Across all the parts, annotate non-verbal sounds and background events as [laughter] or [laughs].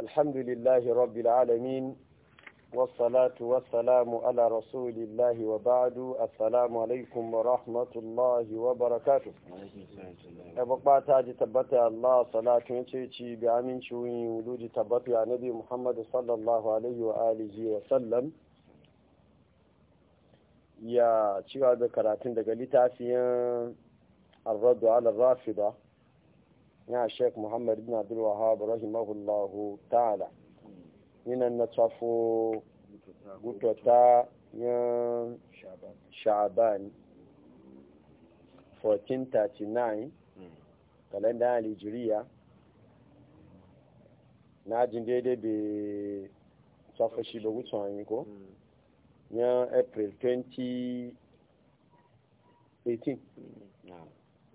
الحمد لله رب العالمين والصلاة والسلام على رسول الله وبعد السلام عليكم ورحمة الله وبركاته أبقى تاج تبتع الله صلاة ونشيشي بعمين شوين ولود تبتع نبي محمد صلى الله عليه وآله وسلم يا شو هذا كراتين دقالي تاسيا الرد على الرافضة ya sheik muhammad bin abdul wahab rahimahullahu ta'ala yana na tsafo gutota ya sha'ban 1439 kalenda alijiriya na jin daidai bai tsafo shi ba gutsu hanyi ko ya april 2018 hmm.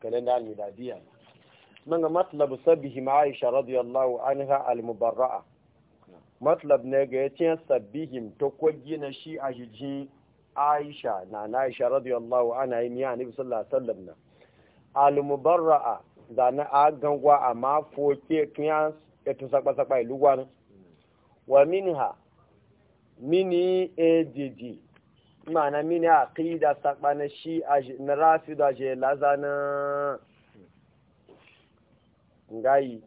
kalenda alijiriya daga matlab sabihi ma'aisha radiyallahu anha al-mubarra'a matlab ne ga yace sabihim to ko gina shi a jiji aisha na aisha radiyallahu anha yin ya nabi sallallahu alaihi wasallam na al-mubarra'a da na agangwa a mafoke kiyan eto sakpa sakpa iluwan wa minha mini ADD ma'ana mini aqida sakpa na shi a jiji na rafida je lazana ngayi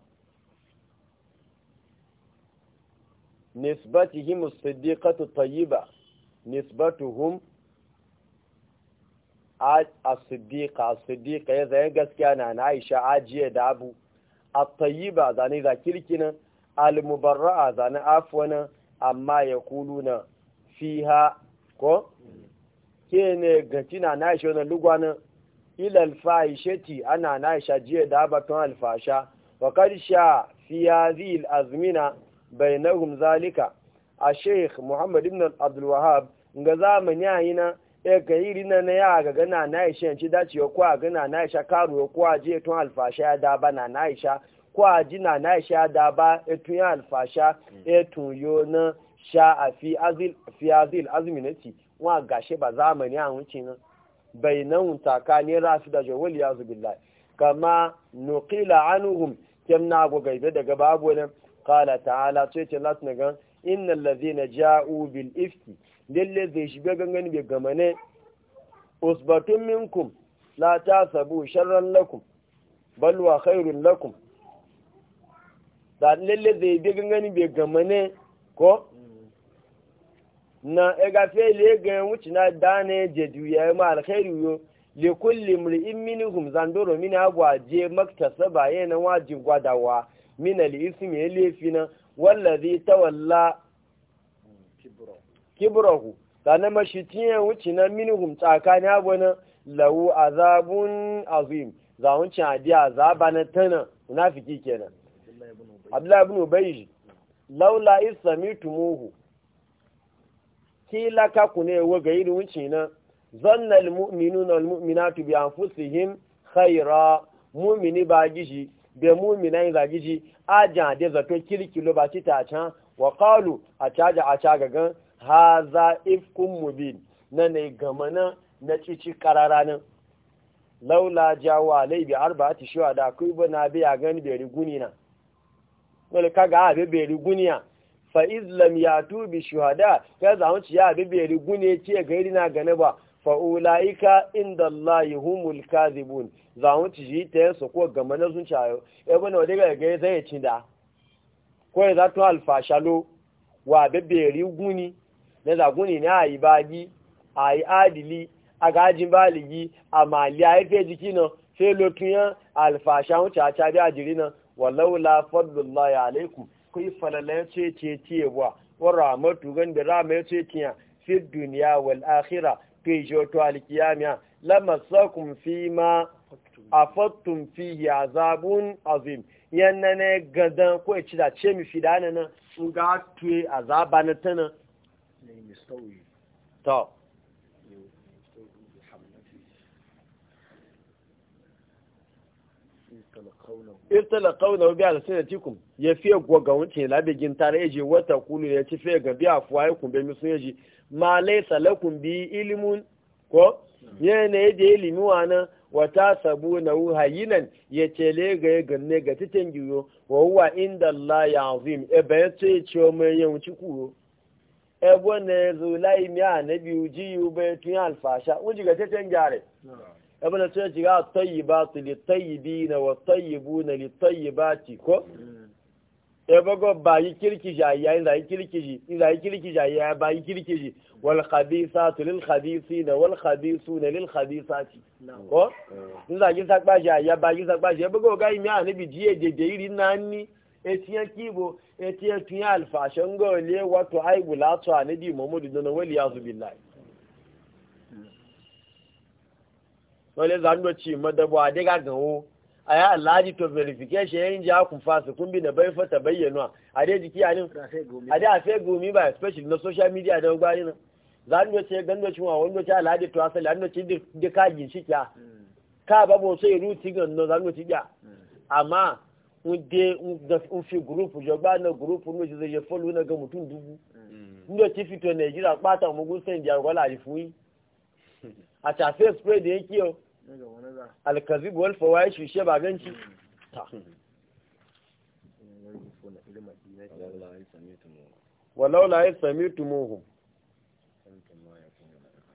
nisbatihim as-siddiqatu tayyiba nisbatuhum as-siddiqa as-siddiqa ya zai gaskiya na na Aisha ajiye da Abu at-tayyiba zane da kirkina al-mubarra'a zane afwana amma yaquluna fiha ko kene gatina na Aisha na lugwana ila al-fahishati ana na Aisha jiye da batun al-fasha وقد شاء في هذه الأزمنة بينهم ذلك الشيخ محمد بن عبد الوهاب نغزا من يعينا na na ya ga gana na isha yanci dace ya kwa gana na isha karu ya kwa je tun alfasha ya daba na na kwa ji na ya daba ba etun ya alfasha yo na sha a fi azil fi azil azminati wa gashe ba zamani a wuce nan takani da jawali ya kama nuqila anhum kem na go gaibe daga babu nan qala ta'ala sai ce lati naga innal ladhina ja'u bil ifki lalle zai shiga gangan gama gamane usbatun minkum la tasabu sharran lakum bal wa khairun lakum da lalle zai bi gangan gama gamane ko na ega fele ga wuci na dane jedu ya ma alkhairu yo li kulli mri'in minhum zandoro min agwa je maktasaba yana wajib gwadawa min al-ismi yalifina wallazi tawalla kibrahu sana mashitiye wuci na minhum tsakani agwana lahu azabun azim za wuci adi azaba na tana munafiki kenan abdullahi ibn ubayy laula isamitumuhu kila ka kunewa wa gairi wuce na zanna almu'minuna walmu'minatu bi anfusihim khaira mu'mini ba gishi be mu'mina ba gishi aja de zato kirkilo ba ci ta can wa qalu a caja a caga gan haza ifkum mubin na ne gamana na cici karara nan laula jawa laibi arba'ati shuwa da kai ba na biya gan bai riguni na wani kaga abe bai ya fa izlam ya tubi shuhada ya zama ci ya abe bai riguni ce gairi na gane ba fa'ula'ika inda Allah humul kazibun za mu ci shi ta yansu ko gama na sun cayo ebe na wadega ga zai ya ci da ko ya zato alfashalo wa beberi guni na zaguni ne a yi bagi a yi adili a gajin baligi a mali a haife jiki na sai lokiyan alfasha wuce a cabi a jiri na walau la fadlullahi alaikum ku yi falalayen ce ce ce wa wa ramatu gan da ramatu ce ce fi duniya wal akhirah ke joto alkiyamiya lamassakun fi ma afattun fihi azabun azim yanna ne gadan ko ya ci da ce mi fi dana nan ga tuye azaba na tana to irtala kauna bi al tikum ya fiye goga wuce na bigin tare yaje wata kulu ya ci fiye ga biya fuwaye kun be musu yaje ma laisa lakum bi ilimun ko ne ne yaje ilimi wana na tasabuna hayinan ya tele ga ya ne ga titin giyo wa huwa inda Allah ya azim e ba ce ce mai yin ci kuro e gwana zulai mi anabi uji yu bai tun alfasha uji ga titin gyare. abin sai shiga a tayyibatu na wa tayyibuna litayyibati ko ya hmm. bago ba yi kirkiji ayya in zai kirkiji in zai kirkiji ayya ba yi kirkiji hmm. wal khabisatu lil khabisina wal khabisuna lil khabisati hmm. ko in zai gisa kpaji ayya ba gisa kpaji ya bago ga imi anabi jiye jeje iri nani etiyan kibo etiyan tuyan alfashan gole wato aibulatu anabi muhammadu dana wali yazu billahi wale zanuwa ce madabuwa dai ga gawo a yi alhaji to verification yayin ji hakun fasa kun bi na bai fata bayyanuwa a dai jiki a nin a dai a fe gomi ba especially na social media da gwari nan zanuwa ce ganuwa ce wa wani ci alhaji to asali zanuwa ce da ka ginshi kya mm. ka ba bo sai ruti gan no zanuwa ci kya mm. amma un de un fi group jogba na group no je je follow na ga mutum dubu mm. ndo ci fito Nigeria pata mugun send [laughs] ya gola ifun àti àfẹ́ spray de kí o alkazib wal fawaish she ba ganci walau la yasmitumuhum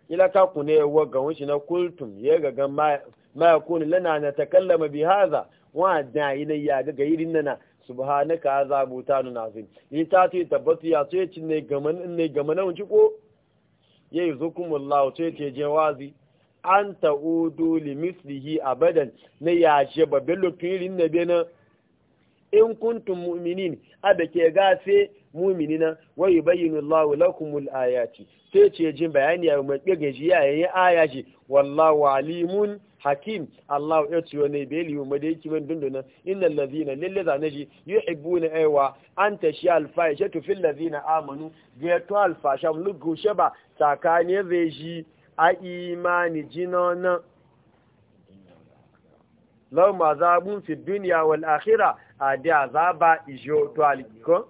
ila ka kune wa ga wunshi na kultum ya ga ga ma yakun lana na takallama bi hadha wa da ina ya ga ga irin nana subhanaka ta butanun azim yi ta ce tabbatu ya ce cin ne gaman ne gaman wuce ko yayi zukumullahu ce ce jawazi an ta'udu li mislihi abadan na yashe babban lokirin na bena in mumini mu'minin abe ke gafe na wayi yubayyinu lawu lakumul ayati sai ce jin bayani ya mai kage ji yayin ayaji wallawa alimun hakim allahu ya ne wani beli mu da yake ban dunduna lalle ladhina lil ladhina ji na aiwa an ta tashi al tufin fil ladhina amanu ga to al fasham lugu ba tsakanin zai ji a imani jinonan lau ma zabun fi duniya wal akhira a da azaba ijo to alikon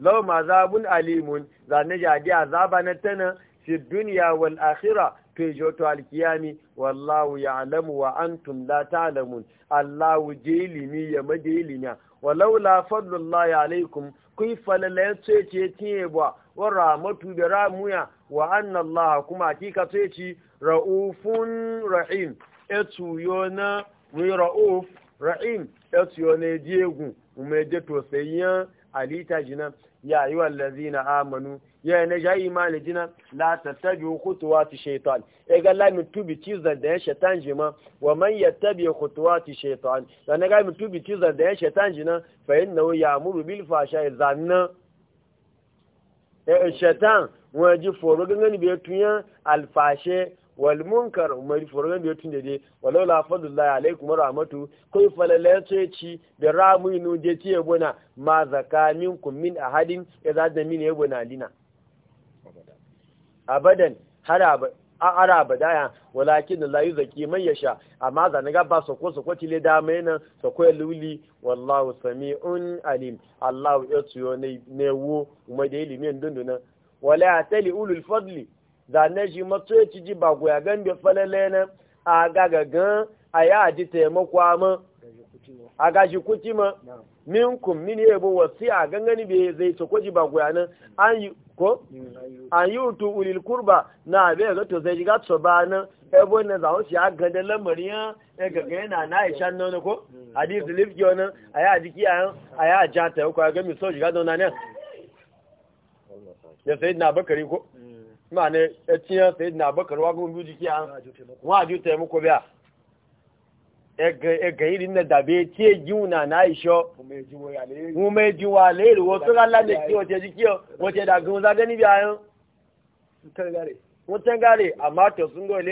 lau ma zabun alimun zane ja da azaba na tana fi duniya wal akhira to ijo to alkiyami wallahu ya'lamu wa antum la ta'lamun allahu jilimi ya madilina walaula fadlullahi alaikum kun falala ce ba wa rahmatu bi ramuya wa anna Allah kuma hakika sai ci raufun rahim etu yona wi rauf rahim etu yona diegun umeje to sayan alita jina ya ayu allazina amanu ya ne ja imani jina la tattabi khutuwati shaytan e ga la mutubi tiza da shaytan jima wa man yattabi khutuwati shaytan da ne ga mutubi tiza da shaytan jina fa innahu ya'muru bil fashai zanna Eh, eh, shaitan wani ji foro gangan tun tunya alfashe wal munkar umari foro gangan bai tunya dai walau la mara alaikum rahmatu kai falala ce ci da ramu inu je ci gona ma zakamin kun min ahadin idza da min yabona lina abadan har abadan an ara badaya walakin la yuzaki man yasha amma zan ga ba sako sako tile da mai nan sako luli wallahu sami'un alim allah ya tuyo ne ne wo kuma da ilimin dunduna wala tali ulul fadli zane shi matso ci ji ba goya gambe falale na a ga a ya ji taimako ma a gashi kutima minkum min yabo wasi a gangani bai zai sako ji ba goya nan an yi ko mm. an yi utu ulil kurba na abe ga to zai ga tso ba nan ebo na zaun shi a gada lamarin ya e gaga yana na aisha nan ko hadith mm. lif yo nan a adiki an aya a mm. yi ta yau ga mi so shiga don ne ya sai na bakari ko ma ne ya e ciyan sayi na bakari wa go kuma ji ki an wa a ju ko biya ẹgẹ̀yìn ní dàbí tí èjìúnà náà ìṣọ́ mú méjì wà léèrè wọ́n tó rá lálẹ́ wọ́n tẹ́ sí kí ah, ah. wọ́n tẹ́ dàgbọ́n wọ́n tẹ́gàrè àmátọ̀ súngọ́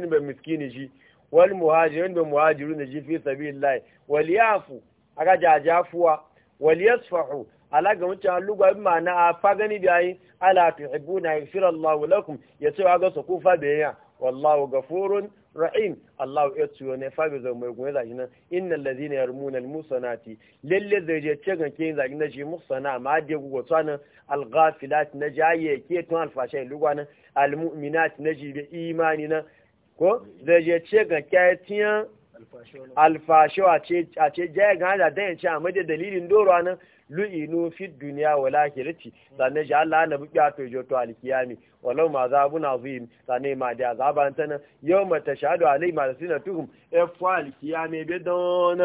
níbẹ̀ miskini muhajiru ní jí fi sàbí láì wọ̀lì àfù agájà àjá fúwa wọ̀lì ẹ̀sùfàhù ala ga wuce lugwa bi ma'ana a fagani bi ayi ala tuhibbuna yaghfir Allah lakum ya ce wa ga su kufa da yaya wallahu ghafurun rahim Allah ya ce ne fa bi zai mai gune da shi nan innal ladina yarmuna al musanati lalle zai je ce ga kin zagin da shi musana ma da gugo tsana al ghafilat na jaye ke tun al fashay lugwa nan al mu'minat na jibe imani na ko zai je ce ga alfasho a ce jaya ga hada dan ce a maje dalilin doro nan lu'inu fi duniya wa lahirati sanne shi Allah na buƙi a tojo to alkiyami walau ma za bu na zuyin sanne ma da za ba ta nan yau ma tashahadu alai ma da sina tuhum efu alkiyami be don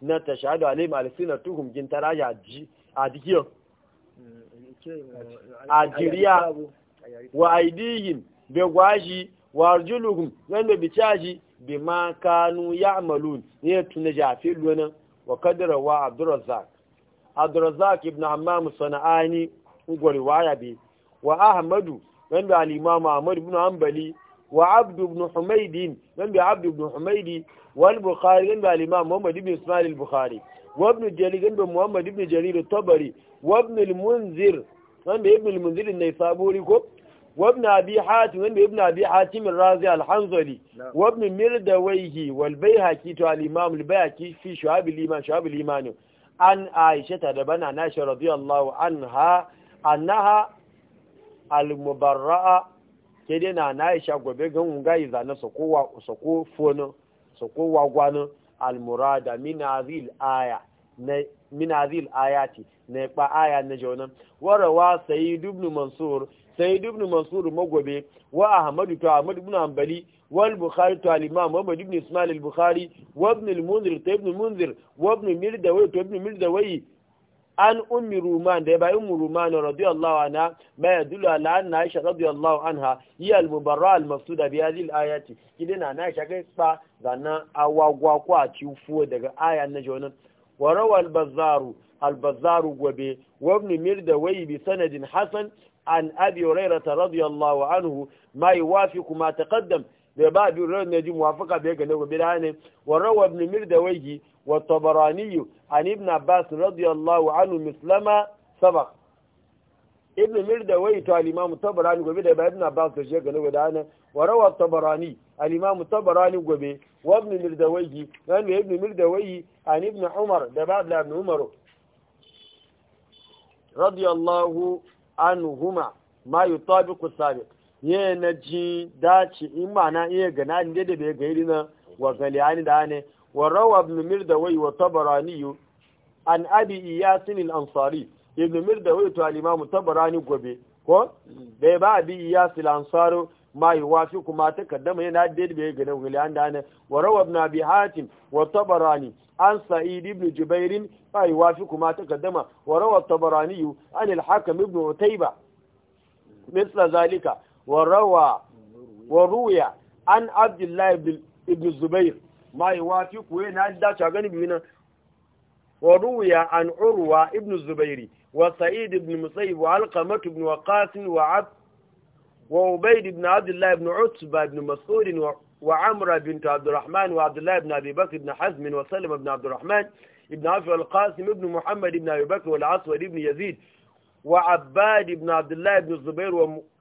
na tashahadu alai ma da sina tuhum jin taraja a jikiyo mm, a jiriya wa aidihim bai gwaji wa arjuluhum wanda bi caji bima kanu ya'malun ne tuna jafi lona wa kadara wa abdurrazzaq abdurrazzaq ibn hammam sana'ani ugwari waya bi wa ahmadu wanda al-imam ahmad ibn hanbali wa abdu ibn humayd wanda abdu ibn humayd wal bukhari wanda al muhammad ibn ismail al-bukhari wa ibn muhammad ibn jarir at-tabari wa ibn al-munzir wanda ibn ko وابن أبي حاتم وابن أبي حاتم الرازي الحنظلي وابن مردويه والبيهكي تو الإمام البيهكي في شعب الإيمان شعب الإيمان عن عائشة دبنا ناشا رضي الله عنها أنها المبرأة كدنا نائشة وبيغن غايزة نسقوة سقوة فون سقوة غوان المراد من هذه الآية من هذه الآيات نقبع آية نجونا وروا سيد ابن منصور sai ibn mansur magobe wa ahmad to ahmad ibn hanbali wal bukhari to al-imam ismail bukhari wa ibn al-munzir to ibn munzir wa ibn mirdawai to ibn mirdawai an ummi ruman da ba ummi ruman radiyallahu anha ma yadullu ala anna aisha radiyallahu anha hi al-mubarra al-mafsuda bi hadhihi al-ayati kidina na aisha kai spa zanna awagwa daga aya na jonan wa rawal gobe wa bi sanadin عن أبي هريرة رضي الله عنه ما يوافق ما تقدم بباب هريرة نجي موافقة بيك نوغ بلاني وروى ابن مردويه والطبراني عن ابن عباس رضي الله عنه مثلما سبق ابن مردويه تو الإمام الطبراني وبدأ ابن عباس تشيك نوغ بلاني وروى الطبراني الإمام الطبراني وبي وابن مردويه لأنه ابن مردويه عن ابن عمر دباب لابن عمره رضي الله anuhuma ma yutabiqu sabiq ye na ji dace in na iya gana inde da bai gairi na wa galiani da ne wa rawa ibn mirdawai wa tabarani an abi iyasin al-ansari ibn wai to al-imam tabarani gobe ko bai ba abi iyasin al ansaru ma yuwafi kuma kaddama yana da bai gana wa galiyani da ne wa rawa ibn abi hatim wa tabarani an sa'id ibn jubairin ay waafiku ma taqadama wa rawa at-tabaraniyu an al-hakim ibn utayba mithla zalika wa wa ruya an abdullah ibn zubayr ma yuwafiku wa na da cha gani bina wa ruya an urwa ibn zubayr wa sa'id ibn musayyib wa alqamah ibn waqas wa abd wa ubayd ibn abdullah ibn utba ibn mas'ud wa وعمر بنت عبد الرحمن وعبد الله بن أبي بكر بن حزم وسلم ابن عفو القاسم ابن محمد ابن أبي بكر والعصور ابن يزيد وعباد ابن عبد الله ابن الزبير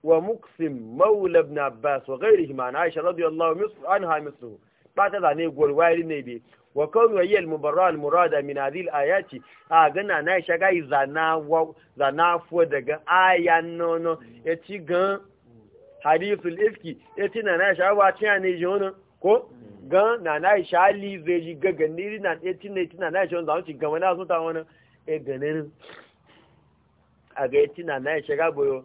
ومقسم مولى ابن عباس وغيرهما عن عائشة رضي الله مصر عنها مثله بعد ذلك يقول وائل النبي وكون هي المبرر المراد من هذه الآيات أغنى آه، نايشة غاي زنا فودغ آية نونو يتيغن حديث الإفكي يتينا نايشة نعم آه، واتياني جونا كو gan na na isha ali zai ji gagan niri na 1880 na na isha wanda zaunci gama na sun wani e ganin a ga 18 na na isha goyo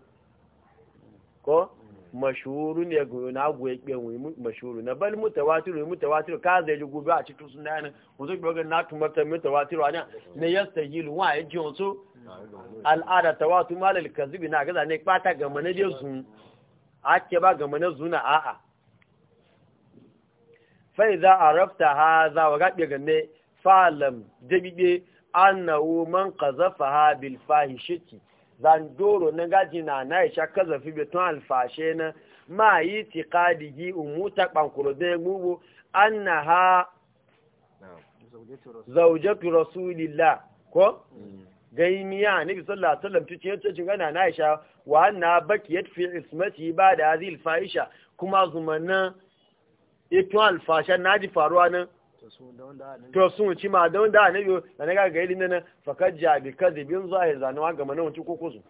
ko mashuru ne goyo na goyo ikpe kpenwe mashuru na bal mutawatiru mutawatiru ka zai ji gobe a cikin yana wasu wanzu gbogon na tumarta mutawatiru a nan na yasta yilu wa ya ji wanzu al'ada tawatu malal kazibi na gaza ne kpata gama na je zun ke ba gama na zuna a'a fai za a rafta ha za wa gaɓe game falam jabiɓe annahu man zafa ha bil shiki zan doro na gaji na na isha kazafi beton alfashe na ma yi tiqadigi umuta bankuro da gugu ha zaujatu rasulillah ko gaimiya ne bi sallah sallam tuce yace cin gana na isha wa anna bakiyat fi ismati ba da azil alfahisha kuma zumanna ifin na ji faruwa nan to sun ci ma don da ne yo da ne ga ga ilin nan fakat jabi kadibin zahir wa ga manan wuce koko su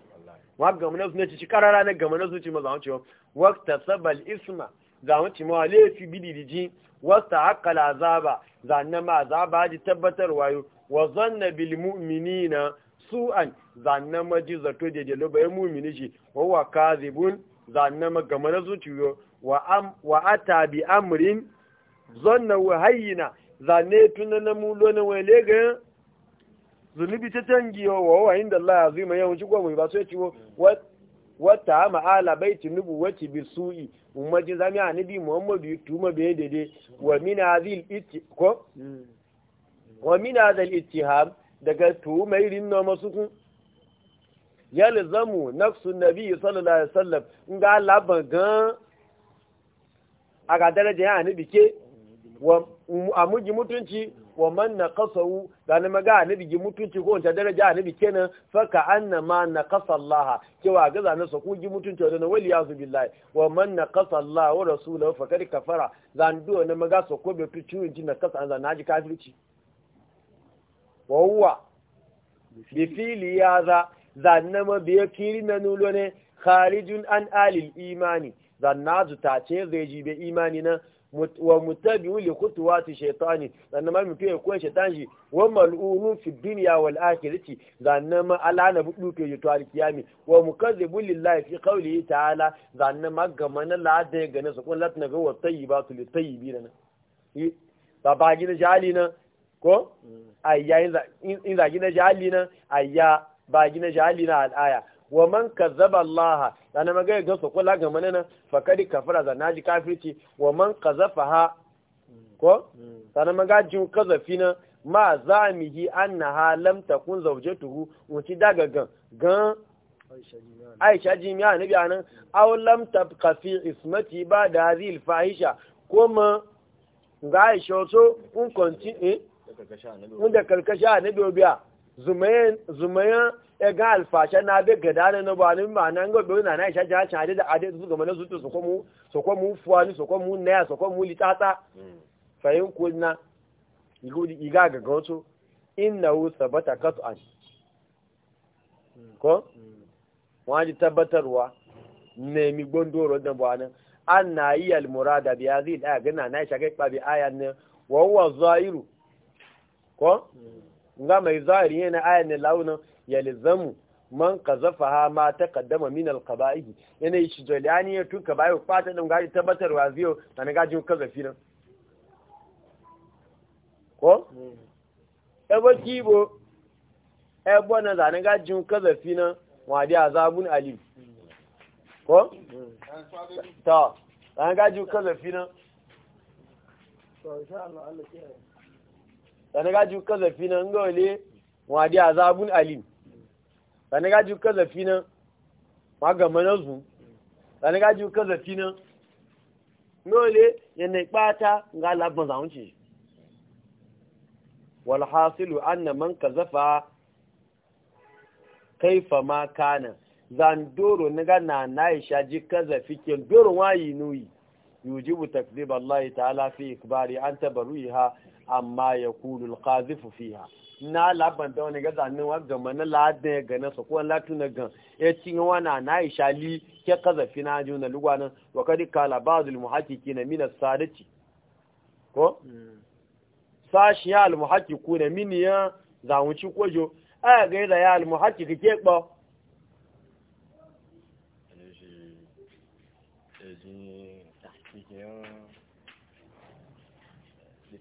wa ga manan su ne ci karara ne ga manan su ci ma zan ci waqta sabal isma zan ci ma lefi bididiji ta aqala azaba zanen ma azaba ji tabbatar wayo wa zanna bil mu'minina su'an ma ji zato da jelo bai mu'mini ji wa wa bun zanen ma ga manan su ciwo wa ata bi amrin zonna wa hayyina zane tun na mulo na wele ga zunubi ta tangiyo wa wa inda Allah ya mai yawan ci gwamnati ba sai ciwo wata ma'ala baiti nubu wati bi su'i ummajin zamiya nabi Muhammadu tuma be dede wa min azil itti ko wa min azil ittiham daga tumai rinno masukun yalzamu nafsu nabi sallallahu alaihi wasallam in ga laban gan a ga daraja ya ni bike a amuji mutunci wa man na da na maga a nabigi mutunci ko ta daraja ni bike nan fa ka na ma na kasa Allah cewa ga zane su ji mutunci da wali ya zubi lai wa man na kasa Allah wa rasuluhu fa kari kafara zandu na maga su ko bai fi ciwon ji na kasa an zan ji kafirci wa huwa bi fili ya za zanne ma biya kirina na nulo ne kharijun an alil imani zannazu ta ce zai ji bai imani na wa mutabi'u li khutuwati shaytani zanna ma mutu ya koyi shaytan shi wa mal'unun fi dunya wal akhirati zanna ma alana budu ke yuto al kiyami wa mukazzibu lillahi fi qawlihi ta'ala zanna ma gamana la da ga na sukun latna ga wa tayyibatu li tayyibina baba gina jali na ko ayya in za gina jali na ayya ba gina jali na al'aya wa man kazzaba Allah dana maga ga su kula ga fa kadi kafara za naji kafirci wa man qazafaha ko dana maga jin kazafi na ma zamihi annaha lam takun zawjatuhu wuci daga gan gan Aisha jimiya bi anan aw lam tabqa fi ismati ba da hadhil fahisha kuma ga Aisha so un continue eh mun da karkasha nabi obiya ya ga alfashe na bai gada na na ni ma nan ga bai na na isha jaha can da ade su gama na zutu su komu su komu fuwani su komu naya su komu litata hmm. fahim kuna iga ga gautu hmm. na wu sabata an ko wani tabbatarwa nemi gbondoro da bani an na yi da biya zai daya gina na isha kai bi ayan ne zuwa iru ko hmm. nga mai zahiri yana aya ne launin yalizamu man ha ma taqaddama min alqaba'i yana shi jaliani ya tuka bayo fata dan gaji tabbatar wa ziyo dan gaji kazafi nan ko ebo kibo ebo na dan gaji kazafi nan wa di azabun alim ko ta dan gaji kazafi nan to insha Allah Allah kiyaye sani gaji kazafi nan ga wale wadi azabun alim sani gaji kazafi nan magama na zu sani gaji kazafi nan ga wale yana ipata ga labban zaunci walhasilu anna man fa kaifa ma kana zandoro na gana na isha ji kazafi ken doron wayi nuyi yujibu takdiba Allah ta'ala fi ikbari an tabaruha amma ya kulu alqazifu fiha na laban da wani gaza ne wa ga mana ladan ga na su ko latu na ga ya cin wana na ishali ke kazafi na juna lugwana wa kadi kala ba'dul muhaqqiqin min as-sadati ko sashi ya al-muhaqqiquna min ya ci kojo a ga da ya al-muhaqqiq ke gbo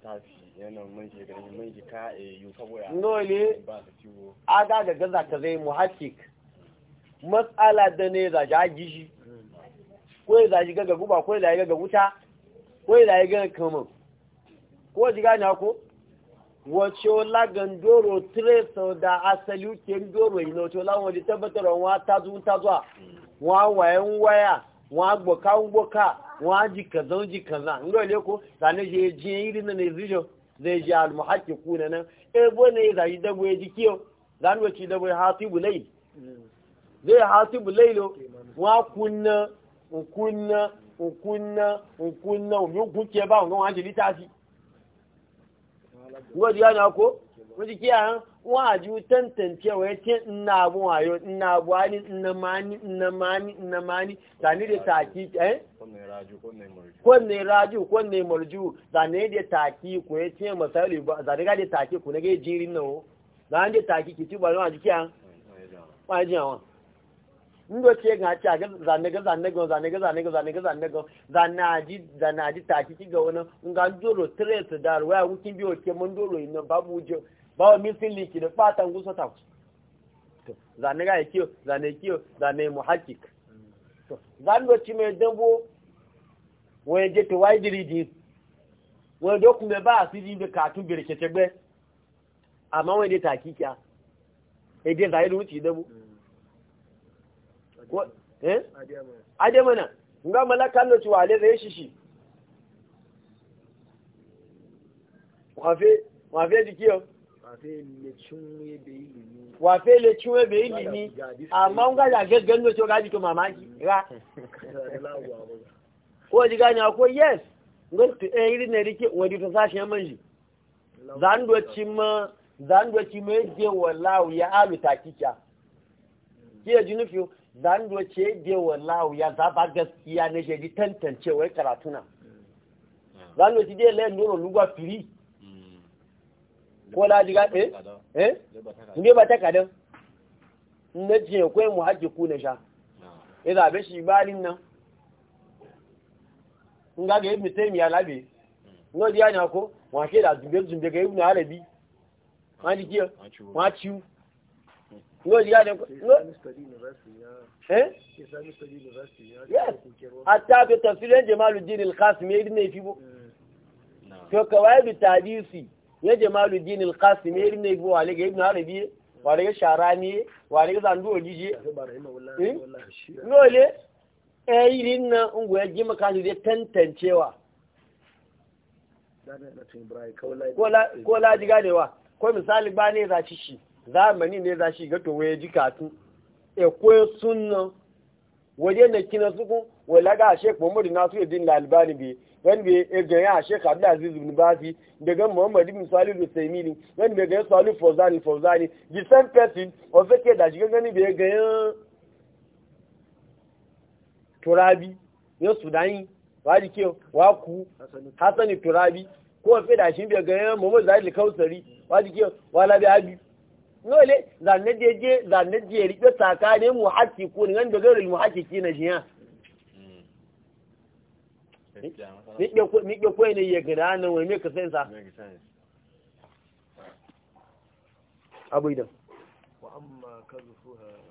eji dole eh, aga ga gaza ka zai muhakkik matsala da ne za ja gishi ko za zaji ga guba ko ya zaji ga wuta ko ya zaji ga kamun ko ji gane ko wace lagan doro tresa da asali uke doro yi na wace lagan waje tabbatarwa wa ta zuwa ta zuwa wa wayan waya wa gboka gboka wa ji kazan ji kazan ngole ko sane je je irin na ne zijo zai ji almuhaki kuna nan ebo eh, ne za yi dabo ya ji kiyo za ni wace dabo ya zai wa kunna kunna kunna kunna kuke ba ngon an ji wadi ko kiya waju tantance wa yace ina bu wayo ina bu ani ina mani ina mani ina mani tani da taki eh ko ne raju ko marju tani da taki ko yace misali ba da ga da taki ku ne ga jirin nawo dan da taki ki ba wa jiki an ba ji ndo ce ga ci ga zanne ga zanne ga zanne ga zanne ga zan ga zanne ga zanna ji zanna ji taki ki ga wannan ngan doro tres dar wa wukin biyo ke mun doro ina babu je ba wa misin liki da fatan gusa ta to zane ga kiyo zane kiyo zane muhakkik to zan do ci me dambo wọ́n jẹ́ tó wáyé dìrìdì wọ́n jọ kùnmẹ̀ bá àfíjì ibi kàtún bèrè ṣẹ̀tẹ̀gbẹ́ àmọ́ wọ́n èdè tàkíkà èdè zàílù ń ti dẹ́bù adẹ́mọ̀nà ǹgbà mọ́láká ló ti wà lẹ́rẹ̀ èṣìṣì wọ́n fẹ́ jù kí ọ wàfẹ́ lè tún ẹ̀bẹ̀ ìlì ní àmọ́ ń gbàjà gẹ́gẹ́ ní oṣù ọgájì tó màmá jì rá kó jíga ní yes lóṣù ẹ̀rí nà kí wọ́n di sáṣẹ́ mọ́ yìí zandoci mọ́ mọ́ gaskiya na ṣe di karatuna zandoci dé nuru ko la diga eh eh ne ba dan na je ko mu haji ku na sha eh da be shi balin nan nga ga mi taymiya labi hmm. no dia nya ko wa ke da zumbe zumbe ga ibn arabi ma ji kiyo ma ciu no dia ne ko eh yes hatta bi tafsirin jamaluddin al-qasimi ibn ne fibo hmm. to kawai bi tadisi ne jamalu dini al-qasim ya ibn ibu wa alayhi ibn arabi wa alayhi sharani wale alayhi zandu ojiji dole eh? e irin nan ungo ya ji maka ne tantancewa ko la jiga ne wa ko misali ba ne zaci shi zamani ne za shi gato waye ji katu e ko sunna waje na kina suku wala ga shek Muhammad Nasiruddin Albani bi wani ga ya eh, gaya a ah, shekha da aziz ibn bazi da gan muhammad ibn salih rusaimini wani ya gaya salih fauzani fauzani the same person of ke da shiga gani ya gaya turabi ya sudani wadi ke waku hasani turabi ko wafe da shi bai gaya muhammad zahid kausari wadi ke wala da abi nole zanne je zanne je rike tsakanin muhakkikun wanda gairu muhakkiki na jiya miƙe kwai ne ya gina nan wai make sense abu idan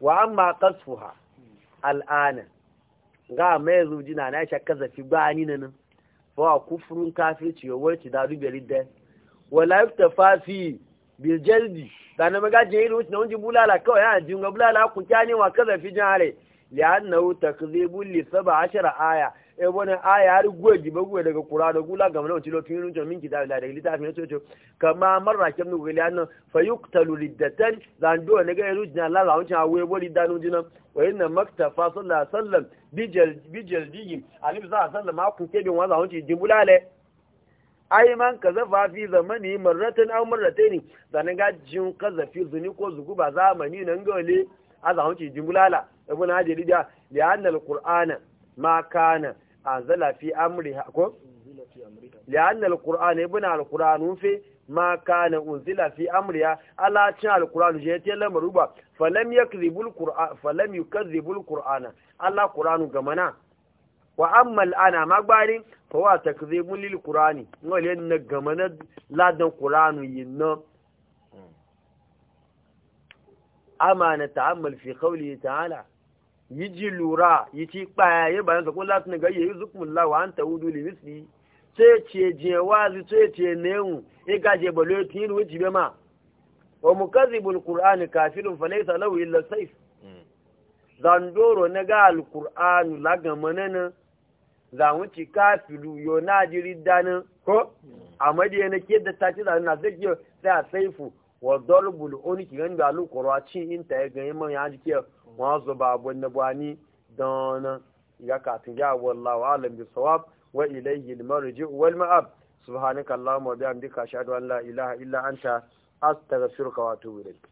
wa amma kasfuha al'ana ga mai zuji na na shakka zafi bani nan fa kufrun kafirci yawar ci da wala tafafi bil jaldi da na wuce na wunji bulala kawai yana jin ga bulala kun kyane wa kaza ya jare li annahu takdhibul li 17 aya e wani aya har gwe ba gwe daga kura da gula ga mana cilo tun runcin min kitab da daga litafi ne sojo kama marra kem nugo gele annan fa yuqtalu liddatan do ne ga yaru jina la lawun cha we boli danu jina wa inna maktafa sallallahu alaihi wasallam bijal bijal digi alim za sallam akun kebin wa zawun ci jimbulale ai man kazafa fi zamani marratan aw marratayn zanin ga jin kazafi zuni ko zugu ba zamani nan gole a zawun ci jimbulala na hajji da li anna alqur'ana ma kana anzala fi amriha ko li'anna al-qur'ana ibn al-qur'an fi ma kana unzila fi amriha ala cin al-qur'an je te lamaru ba falam yakdhibu al-qur'an falam yukadhibu al-qur'ana ala qur'anu gamana wa amma al-ana magbari fa wa takdhibu lil-qur'ani ngole na gamana ladan qur'anu yinno amana ta'ammal fi qawlihi ta'ala yi ji lura yi ci kpaya yi bayan sa ko latin ga yi zukun lawa an ta wudu li misli sai ce je wazi sai ce e ka je balo tin ru ji be ma wa bul qur'ani kafirun fa laysa lahu illa sayf hmm. zandoro na ga alqur'anu laga manana za mu ci kafiru yo na jiri dana ko hmm. amma dai na ke da ta ci da na zai sai a saifu wa dolbul unki gan ga lu qur'aci ta ga ya ji ke wa zo ba abun da bani don ya ka tun ya wallahu alam bi sawab wa ilayhi al marji wal ma'ab subhanaka allahumma wa bihamdika ashhadu an la ilaha illa anta astaghfiruka wa atubu ilayk